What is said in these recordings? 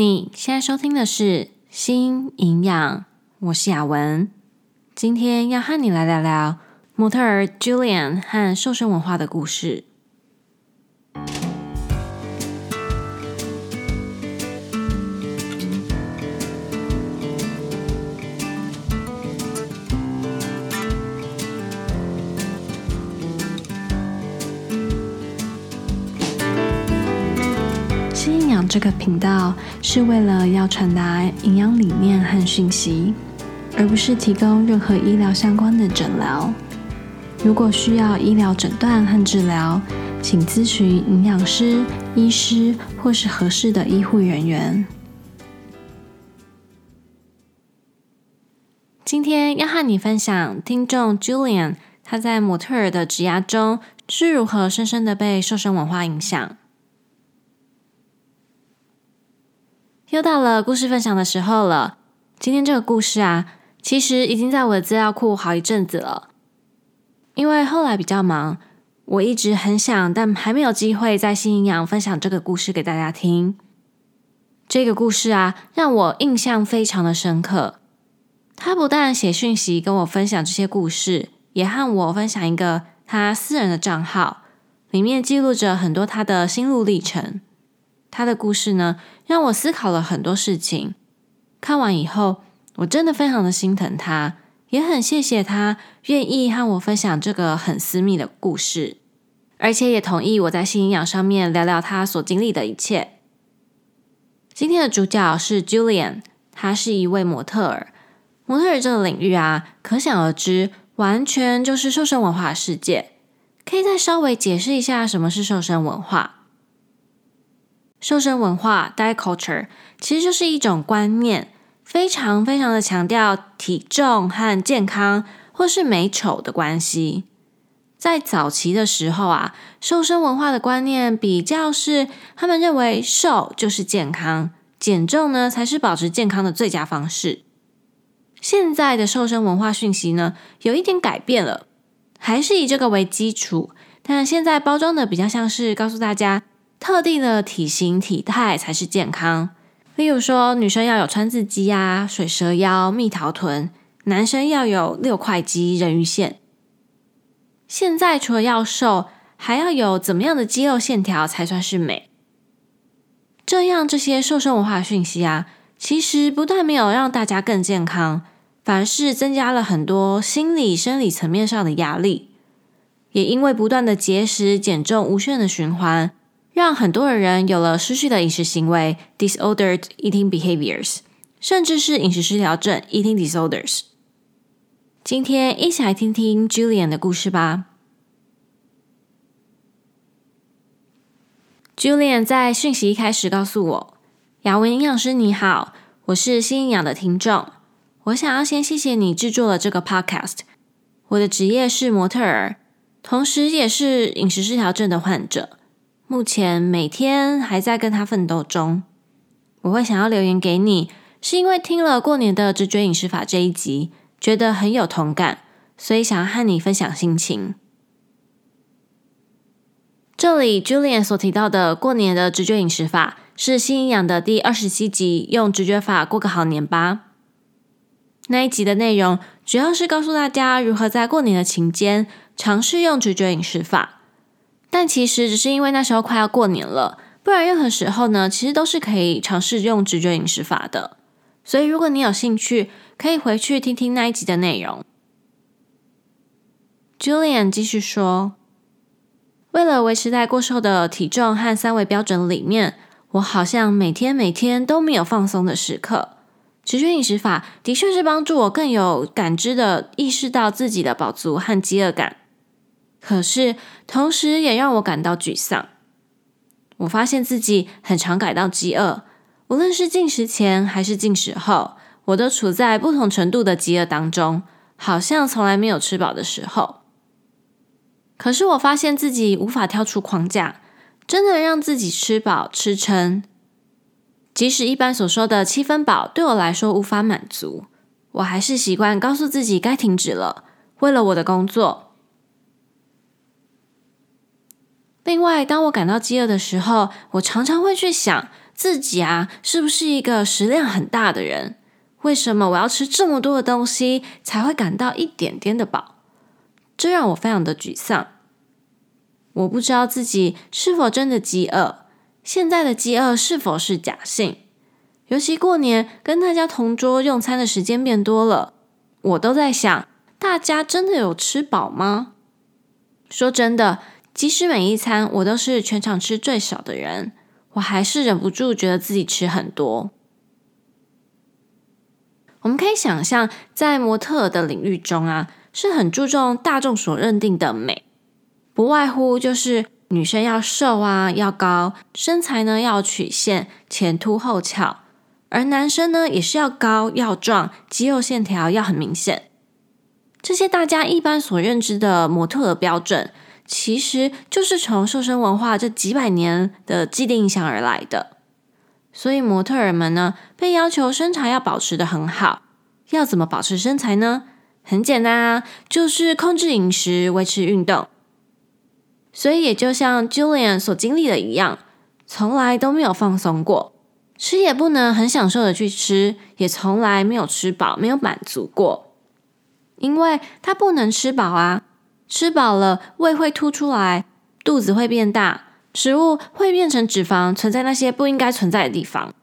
你現在收聽的是《新營養》，我是雅文，今天要和你來聊聊模特兒 Julien 和瘦身文化的故事。這個頻道是為了要傳達營養理念和訊息，而不是提供任何醫療相關的診療。如果需要醫療診斷和治療，請諮詢營養師、醫師或是合適的醫護人員。今天要和你分享聽眾 Julien，他在模特兒的職涯中是如何深深的被瘦身文化影響。又到了故事分享的時候了。今天這個故事啊，其實已經在我的資料庫好一陣子了，因為後來比較忙，我一直很想，但還沒有機會在新營養分享這個故事給大家聽。這個故事啊，讓我印象非常的深刻。他不但寫訊息跟我分享這些故事，也和我分享一個他私人的賬號，裡面記錄着很多他的心路歷程。他的故事呢，讓我思考了很多事情。看完以後，我真的非常的心疼他，也很謝謝他願意和我分享這個很私密的故事，而且也同意我在《新營養》上面聊聊他所經歷的一切。今天的主角是 Julien，他是一位模特兒。模特兒這個領域啊，可想而知，完全就是瘦身文化的世界。可以再稍微解釋一下什麼是瘦身文化？瘦身文化 （diet culture） 其實就是一種觀念，非常非常的強調體重和健康或是美醜的關係。在早期的時候啊，瘦身文化的觀念比較是他們認為瘦就是健康，減重呢才是保持健康的最佳方式。現在的瘦身文化訊息呢，有一點改變了，還是以這個為基礎，但現在包裝的比較像是告訴大家，特定的體型體態才是健康，例如說女生要有川字肌啊、水蛇腰、蜜桃臀，男生要有六塊肌、人魚線。現在除了要瘦，還要有怎麼樣的肌肉線條才算是美？這樣這些瘦身文化訊息啊，其實不但沒有讓大家更健康，反而是增加了很多心理、生理層面上的壓力，也因為不斷的節食減重，無限的循環。讓很多的人有了失序的飲食行為 （disordered eating behaviors），甚至是飲食失調症 （eating disorders）。今天一起來聽聽 Julien 的故事吧。Julien 在訊息一開始告訴我：“雅文營養師，你好，我是新營養的聽眾。我想要先謝謝你製作了這個 podcast。我的職業是模特兒，同時也是飲食失調症的患者。”目前每天還在跟他奮鬥中，我會想要留言給你，是因為聽了過年的直覺飲食法這一集，覺得很有同感，所以想要和你分享心情。這裡 Julien 所提到的過年的直覺飲食法，是新營養的第二十七集，用直覺法過個好年吧。那一集的內容主要是告訴大家如何在過年的期間，嘗試用直覺飲食法。但其實只是因為那時候快要過年了，不然任何時候呢，其實都是可以嘗試用直覺飲食法的。所以如果你有興趣，可以回去聽聽那一集的內容。Julien 繼續說：“為了維持在過瘦的體重和三維標準裡面，我好像每天每天都沒有放鬆的時刻。直覺飲食法的確是幫助我更有感知的意識到自己的飽足和飢餓感。”可是，同時也讓我感到沮喪。我發現自己很常感到飢餓，無論是進食前還是進食後，我都處在不同程度的飢餓當中，好像從來沒有吃飽的時候。可是，我發現自己無法跳出框架，真的讓自己吃飽吃撐。即使一般所說的七分飽對我來說無法滿足，我還是習慣告訴自己該停止了，為了我的工作。另外，當我感到飢餓的時候，我常常會去想自己啊，是不是一個食量很大的人？為什麼我要吃這麼多的東西才會感到一點點的飽？這讓我非常的沮喪。我不知道自己是否真的飢餓，現在的飢餓是否是假性？尤其過年跟大家同桌用餐的時間變多了，我都在想，大家真的有吃飽嗎？說真的。即使每一餐我都是全場吃最少的人，我還是忍不住覺得自己吃很多。我們可以想象，在模特兒的領域中啊，是很注重大眾所認定的美，不外乎就是女生要瘦啊，要高，身材呢要曲線前凸後翹；而男生呢也是要高要壯，肌肉線條要很明顯。這些大家一般所認知的模特兒的標準。其實就是從瘦身文化這幾百年的既定影響而來的，所以模特兒們呢，被要求身材要保持得很好，要怎麼保持身材呢？很簡單啊，就是控制飲食，維持運動。所以也就像 Julien 所經歷的一樣，從來都沒有放鬆過，吃也不能很享受的去吃，也從來沒有吃飽，沒有滿足過，因為他不能吃飽啊。吃飽了，胃會凸出來，肚子會變大，食物會變成脂肪，存在那些不應該存在的地方。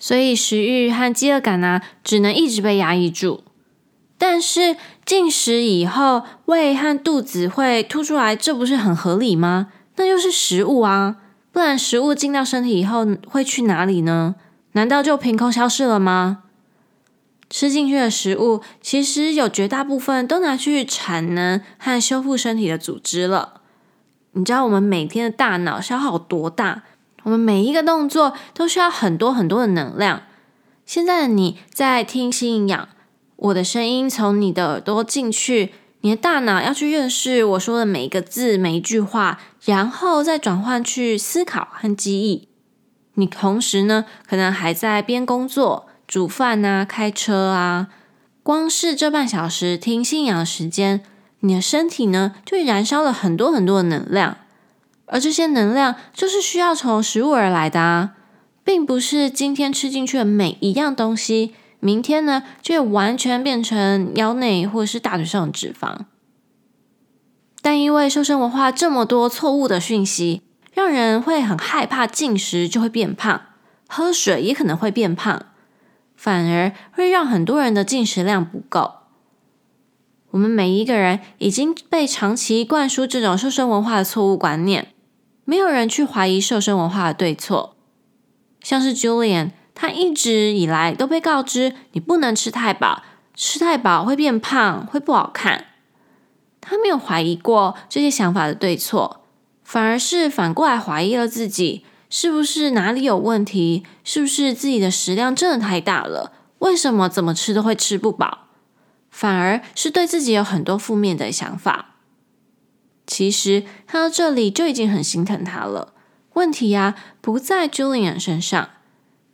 所以食欲和飢餓感呢、啊，只能一直被壓抑住。但是進食以後，胃和肚子會凸出來，這不是很合理嗎？那就是食物啊，不然食物進到身體以後會去哪裡呢？難道就憑空消失了嗎？吃進去的食物，其實有絕大部分都拿去產能和修復身體的組織了。你知道我們每天的大腦消耗多大？我們每一個動作都需要很多很多的能量。現在的你在聽信養，我的聲音從你的耳朵進去，你的大腦要去認識我說的每一個字、每一句話，然後再轉換去思考和記憶。你同時呢，可能還在邊工作。煮飯吶、啊，開車啊，光是這半小時聽信仰時間，你的身體呢，就會燃燒了很多很多的能量，而這些能量就是需要從食物而來的啊，並不是今天吃進去的每一樣東西，明天呢就會完全變成腰內或是大腿上的脂肪。但因為瘦身文化這麼多錯誤的訊息，讓人會很害怕進食就會變胖，喝水也可能會變胖。反而會讓很多人的進食量不夠。我們每一個人已經被長期灌輸這種瘦身文化的錯誤觀念，沒有人去懷疑瘦身文化的對錯。像是 Julien，他一直以來都被告知，你不能吃太飽，吃太飽會變胖，會不好看。他沒有懷疑過這些想法的對錯，反而是反過來懷疑了自己。是不是哪裡有問題？是不是自己的食量真的太大了？為什麼怎麼吃都會吃不飽？反而是對自己有很多負面的想法。其實看到這裡就已經很心疼他了。問題呀，不在 Julien 身上，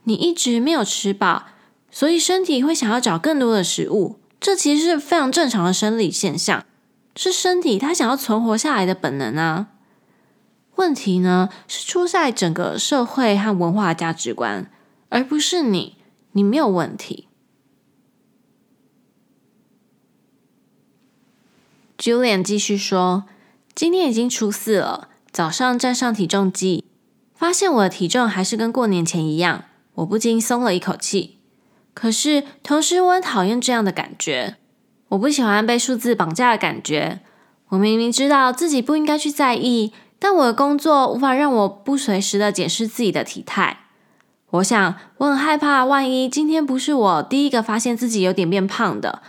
你一直沒有吃飽，所以身體會想要找更多的食物，這其實是非常正常的生理現象，是身體它想要存活下來的本能啊。問題呢，是出在整個社會和文化價值觀，而不是你。你沒有問題。Julien 繼續說：“今天已經初四了，早上站上體重機，發現我的體重還是跟過年前一樣，我不禁鬆了一口氣。可是同時，我很討厭這樣的感覺，我不喜歡被數字綁架的感覺。我明明知道自己不應該去在意。”但我的工作無法讓我不隨時的檢視自己的體態。我想，我很害怕，萬一今天不是我第一個發現自己有點變胖的，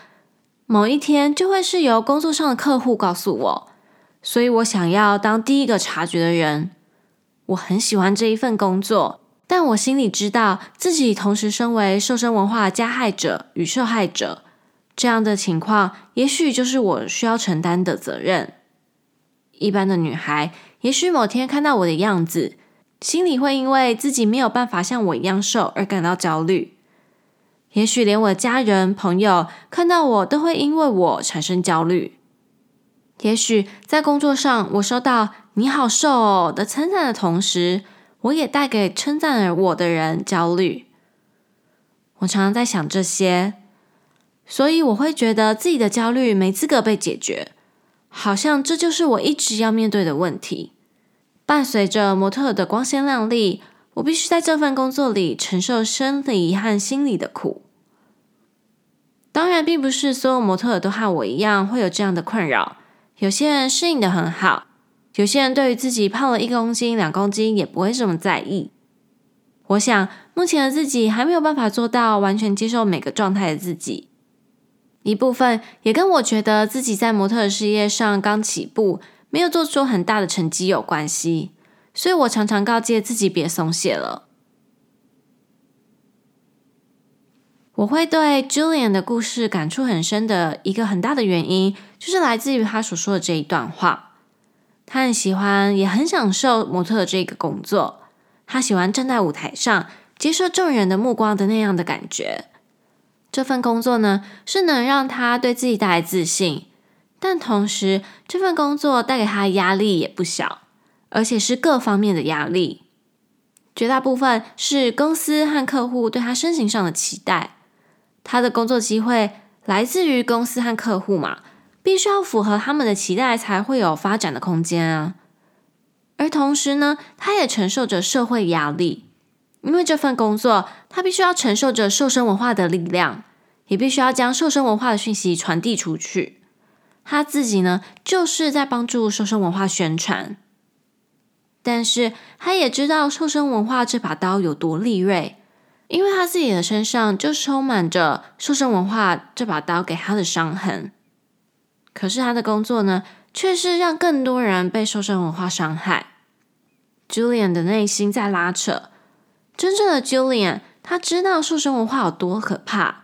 某一天就會是由工作上的客戶告訴我。所以我想要當第一個察覺的人。我很喜歡這一份工作，但我心裡知道自己同時身為瘦身文化的加害者與受害者，這樣的情況也許就是我需要承擔的責任。一般的女孩，也許某天看到我的樣子，心裡會因為自己沒有辦法像我一樣瘦而感到焦慮。也許連我的家人、朋友看到我都會因為我產生焦慮。也許在工作上，我收到“你好瘦哦”的稱讚的同時，我也帶給稱讚我的人焦慮。我常常在想這些，所以我會覺得自己的焦慮沒資格被解決。好像這就是我一直要面對的問題。伴隨着模特的光鮮亮麗，我必須在這份工作裡承受生理和心理的苦。當然，並不是所有模特都和我一樣會有這樣的困擾。有些人適應得很好，有些人對於自己胖了一公斤、兩公斤也不會這麼在意。我想，目前的自己還沒有辦法做到完全接受每個狀態的自己。一部分也跟我覺得自己在模特的事業上剛起步，沒有做出很大的成績有關係，所以我常常告誡自己別鬆懈了。我會對 Julien 的故事感觸很深的一個很大的原因，就是來自於他所說的這一段話。他很喜歡，也很享受模特的這個工作，他喜歡站在舞台上，接受眾人的目光的那樣的感覺。這份工作呢，是能讓他對自己帶來自信，但同時這份工作帶給他的壓力也不小，而且是各方面的壓力，絕大部分是公司和客戶對他身形上的期待，他的工作機會來自於公司和客戶嘛，必須要符合他們的期待才會有發展的空間啊。而同時呢，他也承受着社會壓力。因為這份工作，他必須要承受着瘦身文化的力量，也必須要將瘦身文化的訊息傳遞出去。他自己呢，就是在幫助瘦身文化宣傳，但是他也知道瘦身文化這把刀有多利銳，因為他自己的身上就充滿着瘦身文化這把刀給他的傷痕。可是他的工作呢，卻是讓更多人被瘦身文化傷害。Julien 的內心在拉扯。真正的 Julien，他知道瘦身文化有多可怕，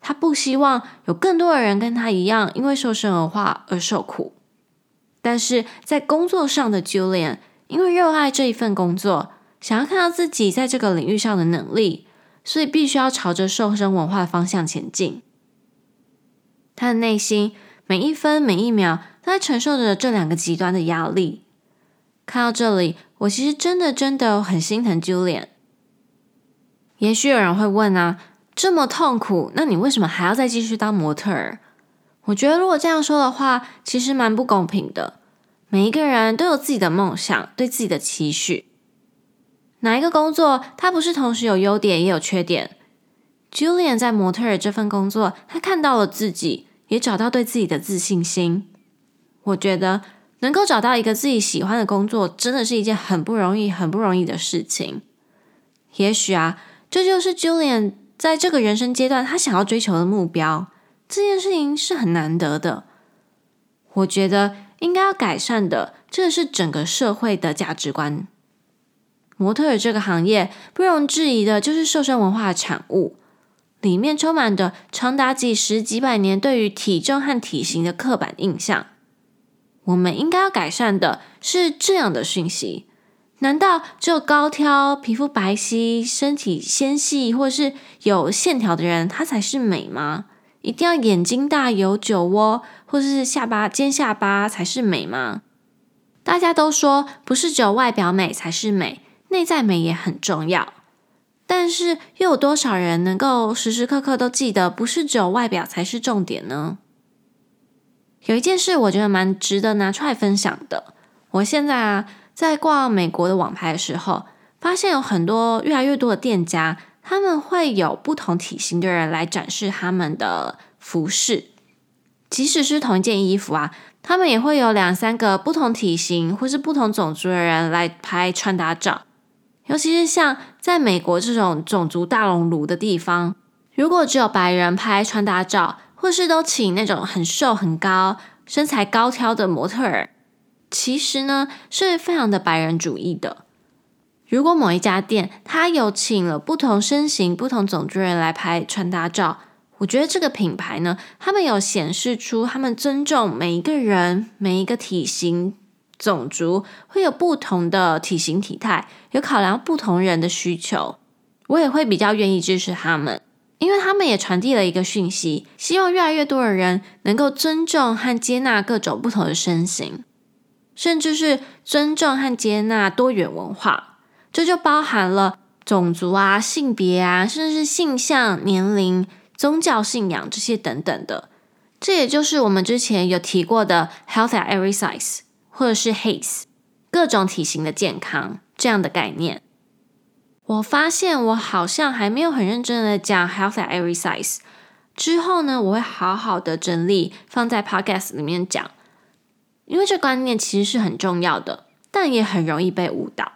他不希望有更多的人跟他一樣因為瘦身文化而受苦。但是，在工作上的 Julien，因為熱愛這一份工作，想要看到自己在這個領域上的能力，所以必須要朝着瘦身文化的方向前進。他的內心每一分每一秒都在承受着這兩個極端的壓力。看到這裡，我其實真的真的很心疼 Julien。也許有人會問啊，這麼痛苦，那你為什麼還要再繼續當模特兒？我覺得如果這樣說的話，其實蠻不公平的。每一個人都有自己的夢想，對自己的期許。哪一個工作，它不是同時有優點也有缺點？Julien 在模特兒這份工作，他看到了自己，也找到對自己的自信心。我覺得能夠找到一個自己喜歡的工作，真的是一件很不容易、很不容易的事情。也許啊。這就是 Julien 在這個人生階段他想要追求的目標。這件事情是很難得的，我覺得應該要改善的，這是整個社會的價值觀。模特兒這個行業不容置疑的就是瘦身文化產物，裡面充滿着長達幾十幾百年對於體重和體型的刻板印象。我們應該要改善的是這樣的訊息。難道只有高挑、皮膚白皙、身體纖細，或是有線條的人，她才是美嗎？一定要眼睛大、有酒窩，或者是下巴尖下巴才是美嗎？大家都說，不是只有外表美才是美，內在美也很重要。但是又有多少人能夠時時刻刻都記得，不是只有外表才是重點呢？有一件事，我覺得蠻值得拿出來分享的。我現在啊。在逛美國的網拍的時候，發現有很多越來越多的店家，他們會有不同體型的人來展示他們的服飾。即使是同一件衣服啊，他們也會有兩三個不同體型或是不同種族的人來拍穿搭照。尤其是像在美國這種種族大熔爐的地方，如果只有白人拍穿搭照，或是都請那種很瘦很高、身材高挑的模特兒。其實呢，是非常的白人主義的。如果某一家店，他有請了不同身形、不同種族人來拍穿搭照，我覺得這個品牌呢，他們有顯示出他們尊重每一個人、每一個體型、種族會有不同的體型體態，有考量不同人的需求，我也會比較願意支持他們，因為他們也傳遞了一個訊息，希望越來越多的人能夠尊重和接納各種不同的身形。甚至是尊重和接納多元文化，這就包含了種族啊、性別啊，甚至是性向、年齡、宗教信仰這些等等的。這也就是我們之前有提過的 “health at every size”，或者是 HAES，各種體型的健康這樣的概念。我發現我好像還沒有很認真的講 “health at every size”。之後呢，我會好好的整理，放在 podcast 裡面講。因為這觀念其實是很重要的，但也很容易被誤導。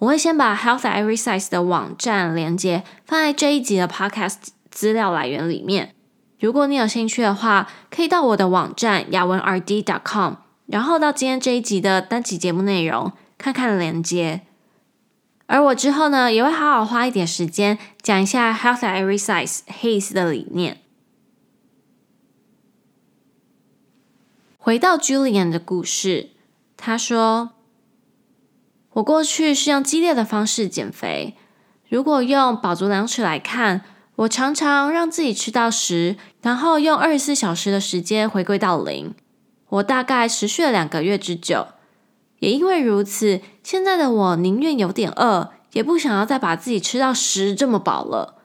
我會先把 Health at Every Size 的網站連接放在這一集的 Podcast 資料來源裡面。如果你有興趣的話，可以到我的網站雅文 RD.com，然後到今天這一集的單集節目內容看看連接。而我之後呢，也會好好花一點時間講一下 Health at Every Size HAES 的理念。回到 Julien 的故事，他說：“我過去是用激烈的方式減肥。如果用飽足量尺來看，我常常讓自己吃到十，然後用二十四小時的時間回歸到零。我大概持續了兩個月之久。也因為如此，現在的我寧願有點餓，也不想要再把自己吃到十這麼飽了。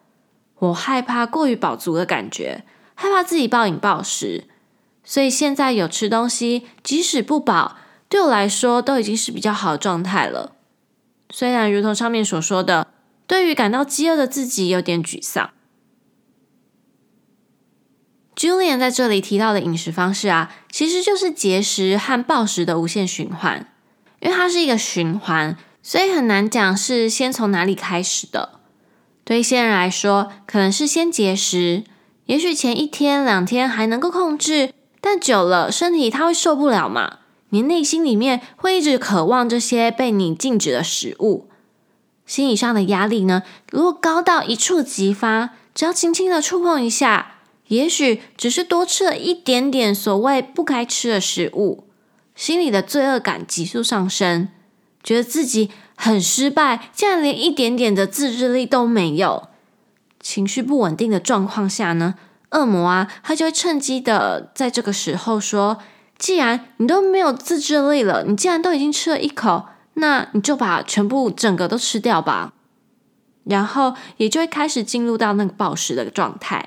我害怕過於飽足的感覺，害怕自己暴飲暴食。”所以現在有吃東西，即使不飽，對我來說都已經是比較好的狀態了。雖然如同上面所說的，對於感到飢餓的自己有點沮喪。Julien 在這裡提到的飲食方式啊，其實就是節食和暴食的無限循環，因為它是一個循環，所以很難講是先從哪裡開始的。對一些人來說，可能是先節食，也許前一天、兩天還能夠控制。但久了，身體它會受不了嘛？你內心裡面會一直渴望這些被你禁止的食物。心理上的壓力呢，如果高到一觸即發，只要輕輕的觸碰一下，也許只是多吃了一點點所謂不該吃的食物，心裡的罪惡感急速上升，覺得自己很失敗，竟然連一點點的自制力都沒有。情緒不穩定的狀況下呢？惡魔啊，他就會趁機的在這個時候說：“既然你都沒有自制力了，你既然都已經吃了一口，那你就把全部整個都吃掉吧。”然後也就會開始進入到那個暴食的狀態。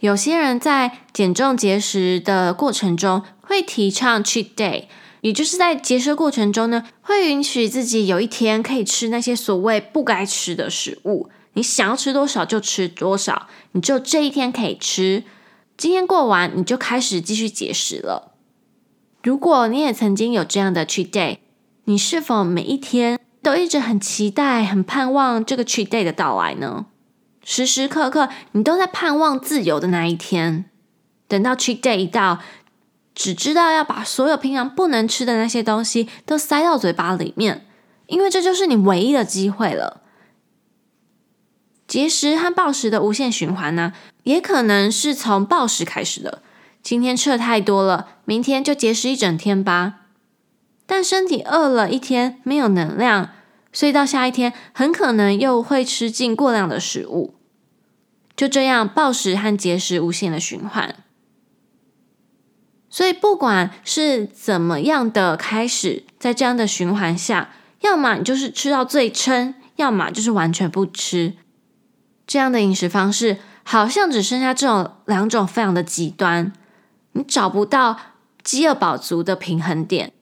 有些人在減重節食的過程中，會提倡 cheat day，也就是在節食過程中呢，會允許自己有一天可以吃那些所謂不該吃的食物。你想要吃多少就吃多少，你就這一天可以吃。今天過完，你就開始繼續節食了。如果你也曾經有這樣的 cheat day，你是否每一天都一直很期待、很盼望這個 cheat day 的到來呢？時時刻刻你都在盼望自由的那一天。等到 cheat day 一到，只知道要把所有平常不能吃的那些東西都塞到嘴巴裡面，因為這就是你唯一的機會了。節食和暴食的無限循環呢，也可能是從暴食開始的。今天吃的太多了，明天就節食一整天吧。但身體餓了一天，沒有能量，所以到下一天很可能又會吃進過量的食物。就這樣，暴食和節食無限的循環。所以，不管是怎麼樣的開始，在這樣的循環下，要麼你就是吃到最撐，要麼就是完全不吃。這樣的飲食方式好像只剩下這種兩種非常的極端，你找不到飢餓飽足的平衡點，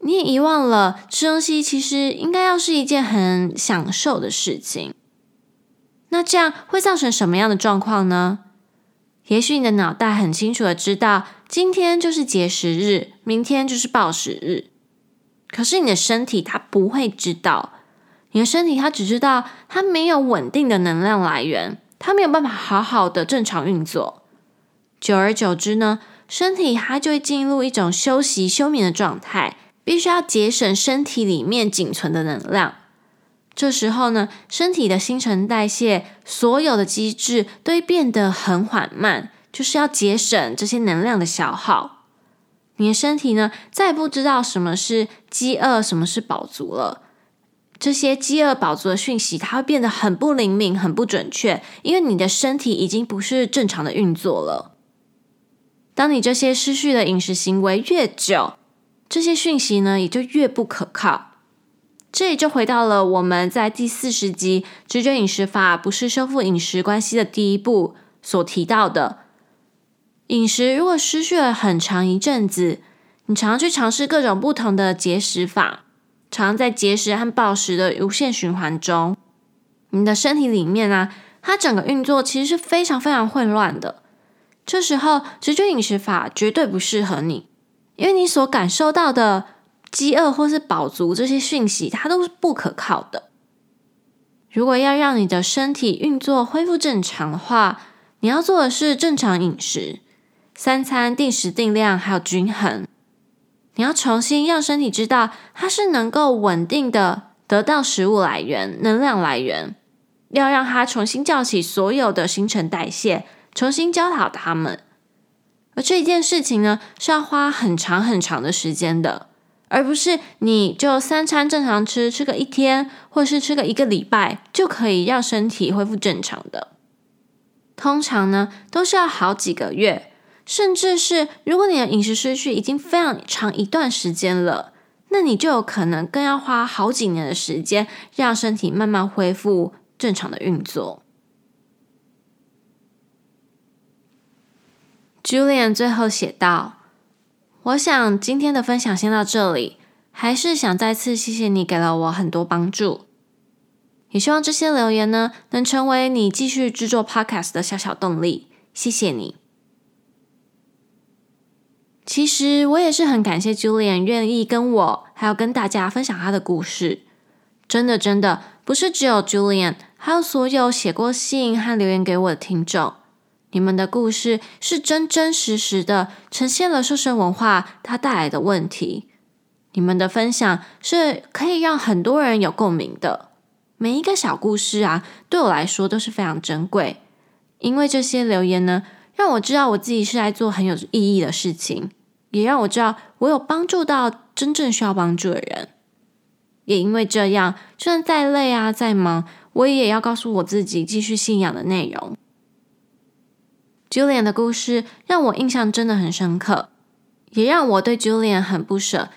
你也遺忘了吃東西其實應該要是一件很享受的事情。那這樣會造成什麼樣的狀況呢？也許你的腦袋很清楚的知道今天就是節食日，明天就是暴食日，可是你的身體它不會知道。你的身體，它只知道它沒有穩定的能量來源，它沒有辦法好好的正常運作。久而久之呢，身體它就會進入一種休息休眠的狀態，必須要節省身體裡面僅存的能量。這時候呢，身體的新陳代謝所有的機制都會變得很緩慢，就是要節省這些能量的消耗。你的身體呢，再不知道什麼是飢餓，什麼是飽足了。這些飢餓飽足的訊息，它會變得很不靈敏、很不準確，因為你的身體已經不是正常的運作了。當你這些失去的飲食行為越久，這些訊息呢也就越不可靠。這裡就回到了我們在第四十集《直覺飲食法不是修復飲食關係的第一步》所提到的，飲食如果失去了很長一陣子，你常常去嘗試各種不同的節食法。常在節食和暴食的無限循環中，你的身體裡面啊，它整個運作其實是非常非常混亂的。這時候，直覺飲食法絕對不適合你，因為你所感受到的飢餓或是飽足這些訊息，它都是不可靠的。如果要讓你的身體運作恢復正常的話，你要做的是正常飲食，三餐定時定量，還有均衡。你要重新讓身體知道，它是能夠穩定的得到食物來源、能量來源，要讓它重新叫起所有的新陳代謝，重新教導它們。而這一件事情呢，是要花很長很長的時間的，而不是你就三餐正常吃，吃個一天，或是吃個一個禮拜，就可以讓身體恢復正常的。通常呢，都是要好幾個月。甚至是，如果你的飲食失序已經非常長一段時間了，那你就有可能更要花好幾年的時間，讓身體慢慢恢復正常的運作。Julien 最後寫道：“我想今天的分享先到這裡，還是想再次謝謝你給了我很多幫助。也希望這些留言呢，能成為你繼續製作 Podcast 的小小動力。謝謝你。”其實我也是很感謝 Julien 願意跟我，還有跟大家分享他的故事。真的，真的不是只有 Julien，還有所有寫過信和留言給我的聽眾，你們的故事是真真實實的呈現了瘦身文化它帶來的問題。你們的分享是可以讓很多人有共鳴的，每一個小故事啊，對我來說都是非常珍貴。因為這些留言呢，讓我知道我自己是在做很有意義的事情。也讓我知道，我有幫助到真正需要幫助的人。也因為這樣，就算再累啊、再忙，我也要告訴我自己繼續信仰的內容。Julien 的故事讓我印象真的很深刻，也讓我對 Julien 很不捨，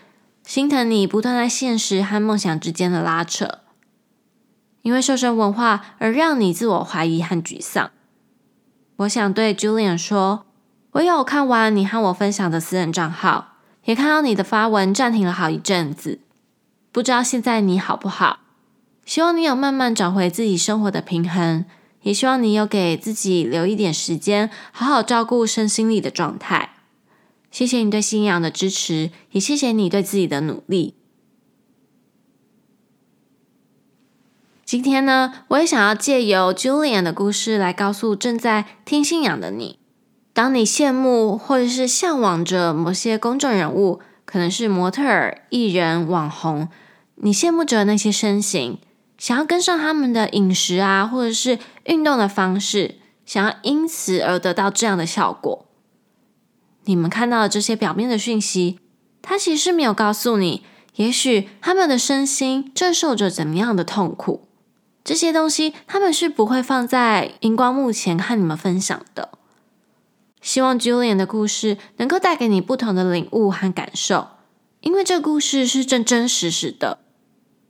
心疼你不斷在現實和夢想之間的拉扯，因為瘦身文化而讓你自我懷疑和沮喪。我想對 Julien 說。我有看完你和我分享的私人賬號，也看到你的發文暫停了好一陣子，不知道現在你好不好？希望你有慢慢找回自己生活的平衡，也希望你有給自己留一點時間，好好照顧身心靈的狀態。謝謝你對信仰的支持，也謝謝你對自己的努力。今天呢，我也想要借由 Julien 的故事來告訴正在聽信仰的你。當你羨慕或者是嚮往着某些公眾人物，可能是模特兒、藝人、網紅，你羨慕着那些身形，想要跟上他們的飲食啊，或者是運動的方式，想要因此而得到這樣的效果。你們看到的這些表面的訊息，他其實沒有告訴你，也許他們的身心正受着怎麼樣的痛苦。這些東西他們是不會放在熒光幕前和你們分享的。希望 Julien 的故事能夠帶給你不同的領悟和感受，因為這故事是真真實實的，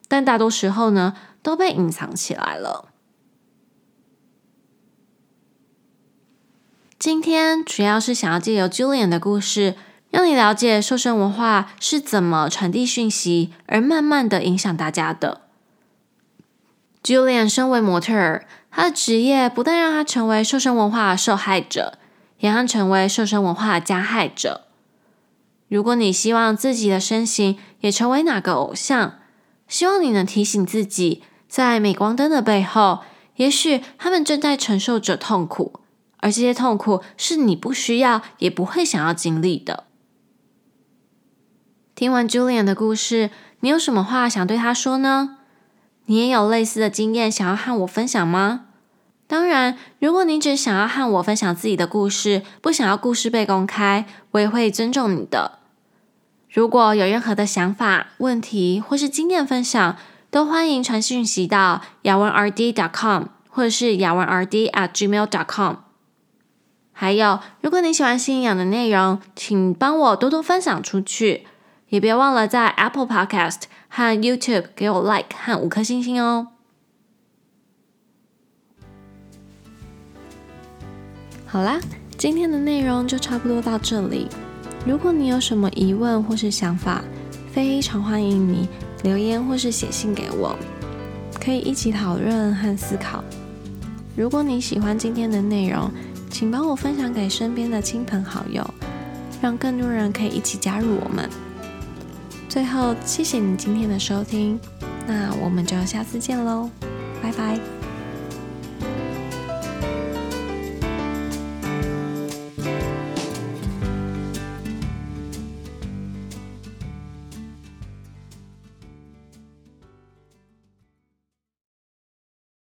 但大多時候呢，都被隱藏起來了。今天主要是想要借由 Julien 的故事，讓你了解瘦身文化是怎麼傳遞訊息而慢慢的影響大家的。Julien 身為模特兒，他的職業不但讓他成為瘦身文化的受害者。也可成為瘦身文化的加害者。如果你希望自己的身形也成為哪個偶像，希望你能提醒自己，在鎂光燈的背後，也許他們正在承受着痛苦，而這些痛苦是你不需要也不會想要經歷的。聽完 Julien 的故事，你有什麼話想對他說呢？你也有類似的經驗想要和我分享嗎？當然，如果你只想要和我分享自己的故事，不想要故事被公開，我也會尊重你的。如果有任何的想法、問題或是經驗分享，都歡迎傳訊息到雅雯 RD.com，或者是雅雯 RD at gmail.com。還有，如果你喜歡信仰的內容，請幫我多多分享出去，也別忘了在 Apple Podcast 和 YouTube 給我 Like 和五顆星星哦。好啦，今天的內容就差不多到這裡。如果你有什麼疑問或是想法，非常歡迎你留言或是寫信給我，可以一起討論和思考。如果你喜歡今天的內容，請幫我分享給身邊的親朋好友，讓更多人可以一起加入我們。最後，謝謝你今天的收聽，那我們就要下次見嘍，拜拜。